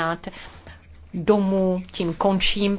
jednat domů. Tím končím